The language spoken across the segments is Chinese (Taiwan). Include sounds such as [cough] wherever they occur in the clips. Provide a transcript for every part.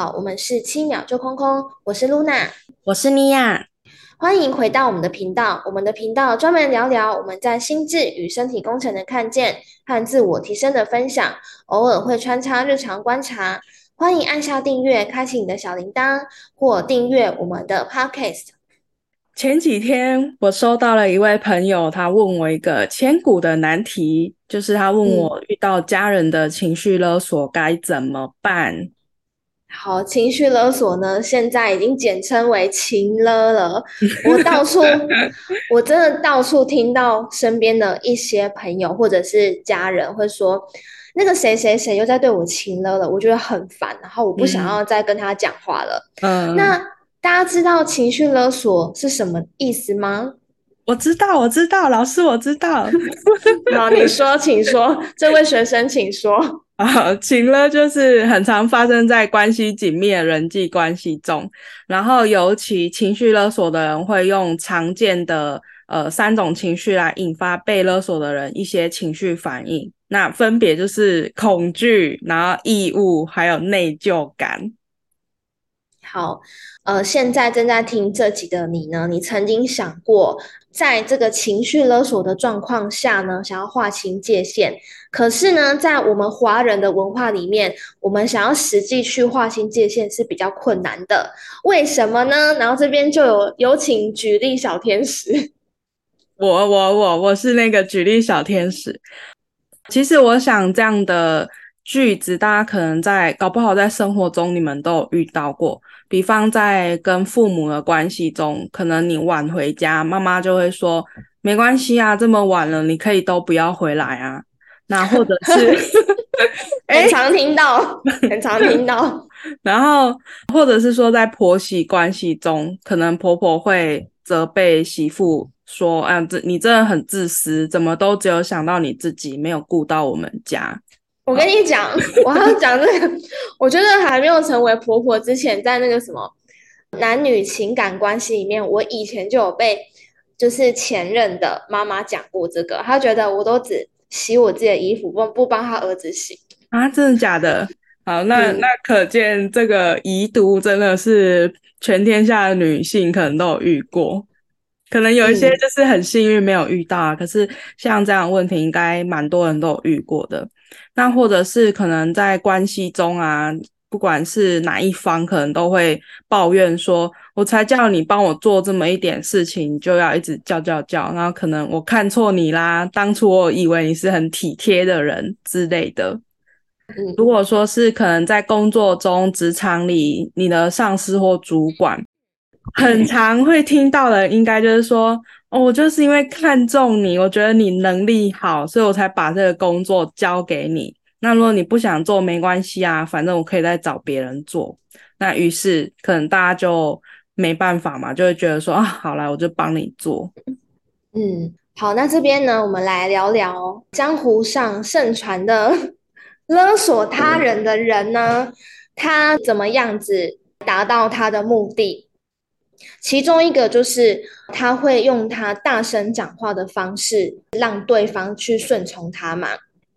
好，我們是七秒就空空，我是露娜，我是尼婭，歡迎回到我們的頻道。我們的頻道專門聊聊我們在心智與身體工程的看見和自我提升的分享，偶爾會穿插日常觀察。歡迎按下訂閱，開啟你的小鈴鐺，或訂閱我們的 Podcast。前幾天我收到了一位朋友，他問我一個千古的難題，就是他問我、嗯、遇到家人的情緒勒索該怎麼辦。好，情緒勒索呢，現在已經簡稱為“情勒”了。我到處， [laughs] 我真的到處聽到身邊的一些朋友或者是家人會說：“那個誰誰誰又在對我情勒了。”我覺得很煩，然後我不想要再跟他講話了。嗯。那大家知道情緒勒索是什麼意思嗎？我知道，我知道，老師我知道。 [laughs] 好，你說，請說，這位學生請說。啊，情了，就是很常發生在關係緊密的人際關係中，然後尤其情緒勒索的人會用常見的呃三種情緒來引發被勒索的人一些情緒反應，那分別就是恐懼，然後義務，還有內疚感。好，呃，現在正在聽這集的你呢？你曾經想過，在這個情緒勒索的狀況下呢，想要劃清界限。可是呢，在我們華人的文化裡面，我們想要實際去劃清界限是比較困難的。為什麼呢？然後這邊就有有請舉例小天使。我我我我是那個舉例小天使。其實我想這樣的。句子大家可能在搞不好在生活中你們都有遇到過，比方在跟父母的關係中，可能你晚回家，媽媽就會說，沒關係啊，這麼晚了，你可以都不要回來啊。 [laughs] 那或者是、 [laughs] 欸、 [laughs] 很常聽到，很常聽到。 [laughs] 然後或者是說在婆媳關係中，可能婆婆會責備媳婦說啊，這你真的很自私，怎麼都只有想到你自己，沒有顧到我們家。我跟你講，我要講這個， [laughs] 我覺得還沒有成為婆婆之前，在那個什麼男女情感關係裡面，我以前就有被就是前任的媽媽講過這個，她覺得我都只洗我自己的衣服，不不幫他兒子洗啊，真的假的？好，那、嗯、那可見這個遺毒真的是全天下的女性可能都有遇過，可能有一些就是很幸運沒有遇到，啊嗯，可是像這樣的問題，應該蠻多人都有遇過的。那或者是可能在關係中啊，不管是哪一方，可能都會抱怨說：“我才叫你幫我做這麼一點事情，你就要一直叫叫叫。”然後可能我看錯你啦，當初我以為你是很體貼的人之類的。如果說是可能在工作中、職場裡，你的上司或主管。 [laughs] 很常會聽到的，應該就是說，哦，我就是因為看中你，我覺得你能力好，所以我才把這個工作交給你。那如果你不想做，沒關係啊，反正我可以再找別人做。那於是，可能大家就沒辦法嘛，就會覺得說，啊，好了，我就幫你做。嗯，好，那這邊呢，我們來聊聊江湖上盛傳的呵呵勒索他人的人呢，他怎麼樣子達到他的目的？其中一個就是他會用他大聲講話的方式讓對方去順從他嘛，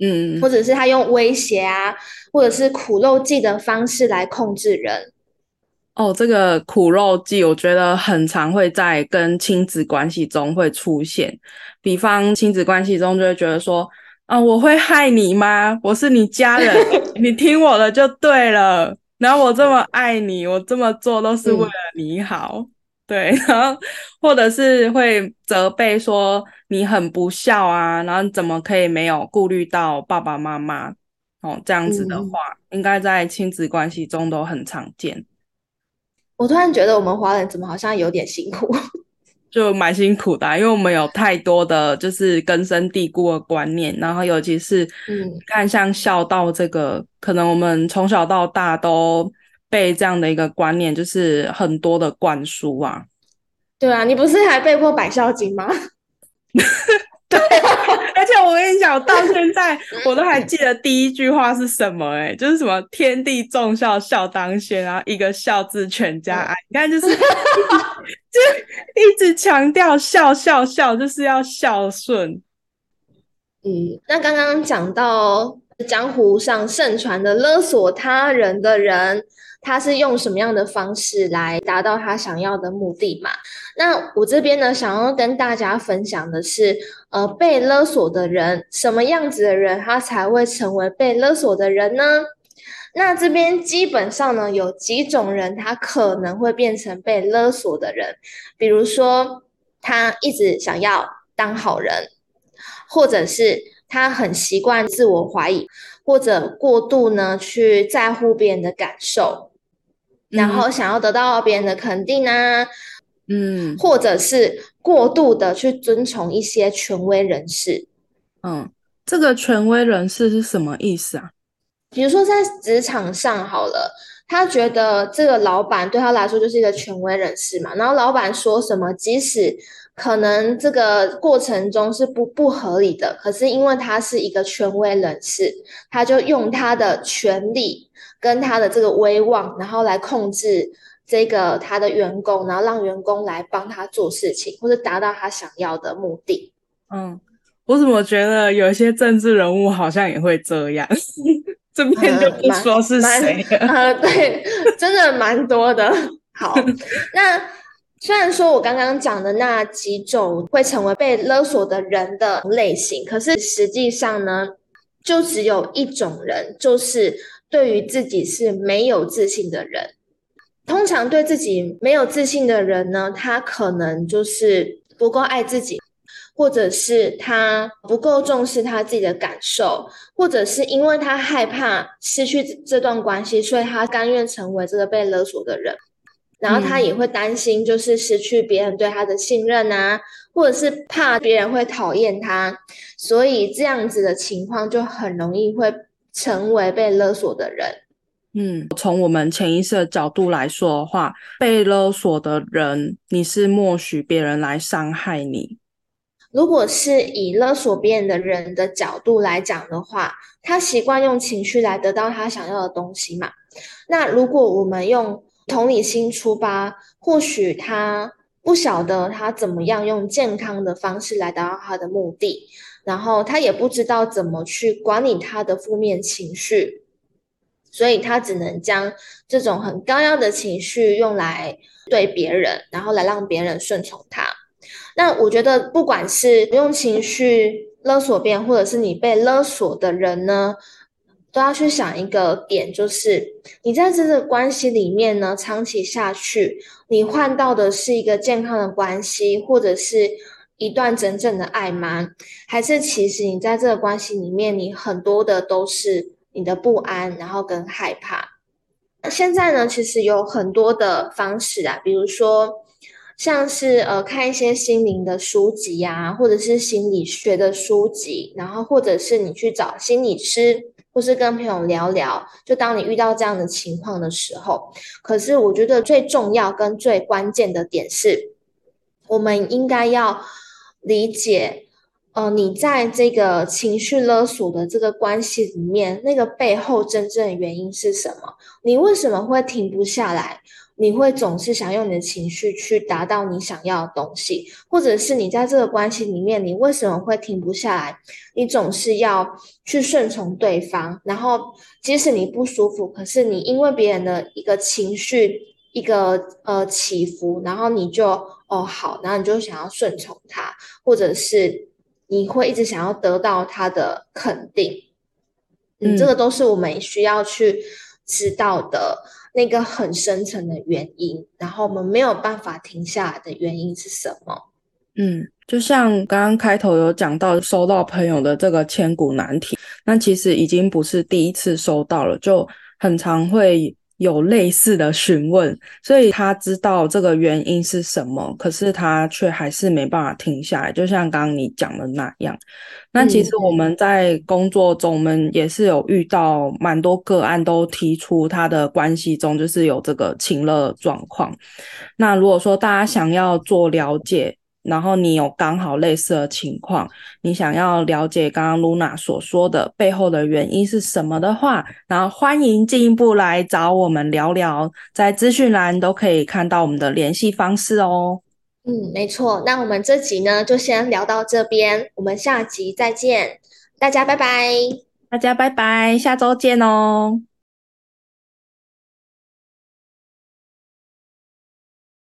嗯，或者是他用威脅啊，或者是苦肉計的方式來控制人。哦，這個苦肉計我覺得很常會在跟親子關係中會出現，比方親子關係中就會覺得說，啊，我會害你嗎？我是你家人， [laughs] 你聽我的就對了。然後我這麼愛你，我這麼做都是為了你好。嗯。對，然後或者是會責備說，你很不孝啊，然後怎麼可以沒有顧慮到爸爸媽媽？哦，這樣子的話、嗯，應該在親子關係中都很常見。我突然覺得我們華人怎麼好像有點辛苦，就蠻辛苦的、啊，因為我們有太多的就是根深蒂固的觀念，然後尤其是嗯，看像孝道這個、嗯，可能我們從小到大都。被這樣的一個觀念，就是很多的灌輸啊。對啊，你不是還被迫背《孝經》嗎？ [laughs] 對、哦， [laughs] 而且我跟你講，到現在 [laughs] 我都還記得第一句話是什麼、欸？哎，就是什麼“天地重孝，孝當先”，啊。一個“孝”字全家愛、嗯。你看，就是 [laughs] [laughs] 就一直強調孝，孝，孝，就是要孝順。嗯，那剛剛講到。江湖上盛傳的勒索他人的人，他是用什麼樣的方式來達到他想要的目的嘛？那我這邊呢，想要跟大家分享的是，呃，被勒索的人，什麼樣子的人，他才會成為被勒索的人呢？那這邊基本上呢，有幾種人，他可能會變成被勒索的人，比如說，他一直想要當好人，或者是。他很習慣自我懷疑，或者過度呢去在乎別人的感受，嗯，然後想要得到別人的肯定啊，嗯，或者是過度的去遵從一些權威人士，嗯，這個權威人士是什麼意思啊？比如說在職場上好了，他覺得這個老闆對他來說就是一個權威人士嘛，然後老闆說什麼，即使。可能這個過程中是不不合理的，可是因為他是一個權威人士，他就用他的權力跟他的這個威望，然後來控制這個他的員工，然後讓員工來幫他做事情，或者達到他想要的目的。嗯，我怎麼覺得有一些政治人物好像也會這樣？ [laughs] 這邊就不說是誰了，嗯呃。對，真的蠻多的。好，那。雖然說我剛剛講的那幾種會成為被勒索的人的類型，可是實際上呢，就只有一種人，就是對於自己是沒有自信的人。通常對自己沒有自信的人呢，他可能就是不夠愛自己，或者是他不夠重視他自己的感受，或者是因為他害怕失去這段關係，所以他甘願成為這個被勒索的人。然後他也會擔心，就是失去別人對他的信任啊，嗯，或者是怕別人會討厭他，所以這樣子的情況就很容易會成為被勒索的人。嗯，從我們潛意識的角度來說的話，被勒索的人，你是默許別人來傷害你。如果是以勒索別人的人的角度來講的話，他習慣用情緒來得到他想要的東西嘛。那如果我們用。從你心出發，或許他不曉得他怎麼樣用健康的方式來達到他的目的，然後他也不知道怎麼去管理他的負面情緒，所以他只能將這種很高壓的情緒用來對別人，然後來讓別人順從他。那我覺得，不管是用情緒勒索別人，或者是你被勒索的人呢？都要去想一個點，就是你在這個關係裡面呢，長期下去，你換到的是一個健康的關係，或者是一段真正的愛嗎？還是其實你在這個關係裡面，你很多的都是你的不安，然後跟害怕。現在呢，其實有很多的方式啊，比如說像是呃看一些心靈的書籍啊，或者是心理學的書籍，然後或者是你去找心理師。或是跟朋友聊聊，就當你遇到這樣的情況的時候，可是我覺得最重要跟最關鍵的點是，我們應該要理解，呃，你在這個情緒勒索的這個關係裡面，那個背後真正的原因是什麼？你為什麼會停不下來？你會總是想用你的情緒去達到你想要的東西，或者是你在這個關係裡面，你為什麼會停不下來？你總是要去順從對方，然後即使你不舒服，可是你因為別人的一個情緒、一個呃起伏，然後你就哦好，然後你就想要順從他，或者是你會一直想要得到他的肯定。嗯，這個都是我們需要去知道的。那個很深層的原因，然後我們沒有辦法停下來的原因是什麼？嗯，就像剛剛開頭有講到收到朋友的這個千古難題，那其實已經不是第一次收到了，就很常會。有類似的詢問，所以他知道這個原因是什麼，可是他卻還是沒辦法停下來，就像剛剛你講的那樣。那其實我們在工作中，嗯、我們也是有遇到蠻多個案，都提出他的關係中就是有這個情勒狀況。那如果說大家想要做了解，然後你有剛好類似的情況，你想要了解剛剛嚕那所說的背後的原因是什麼的話，然後歡迎進一步來找我們聊聊，在資訊欄都可以看到我們的聯繫方式哦。嗯，沒錯，那我們這集呢就先聊到這邊，我們下集再見，大家拜拜，大家拜拜，下周見哦。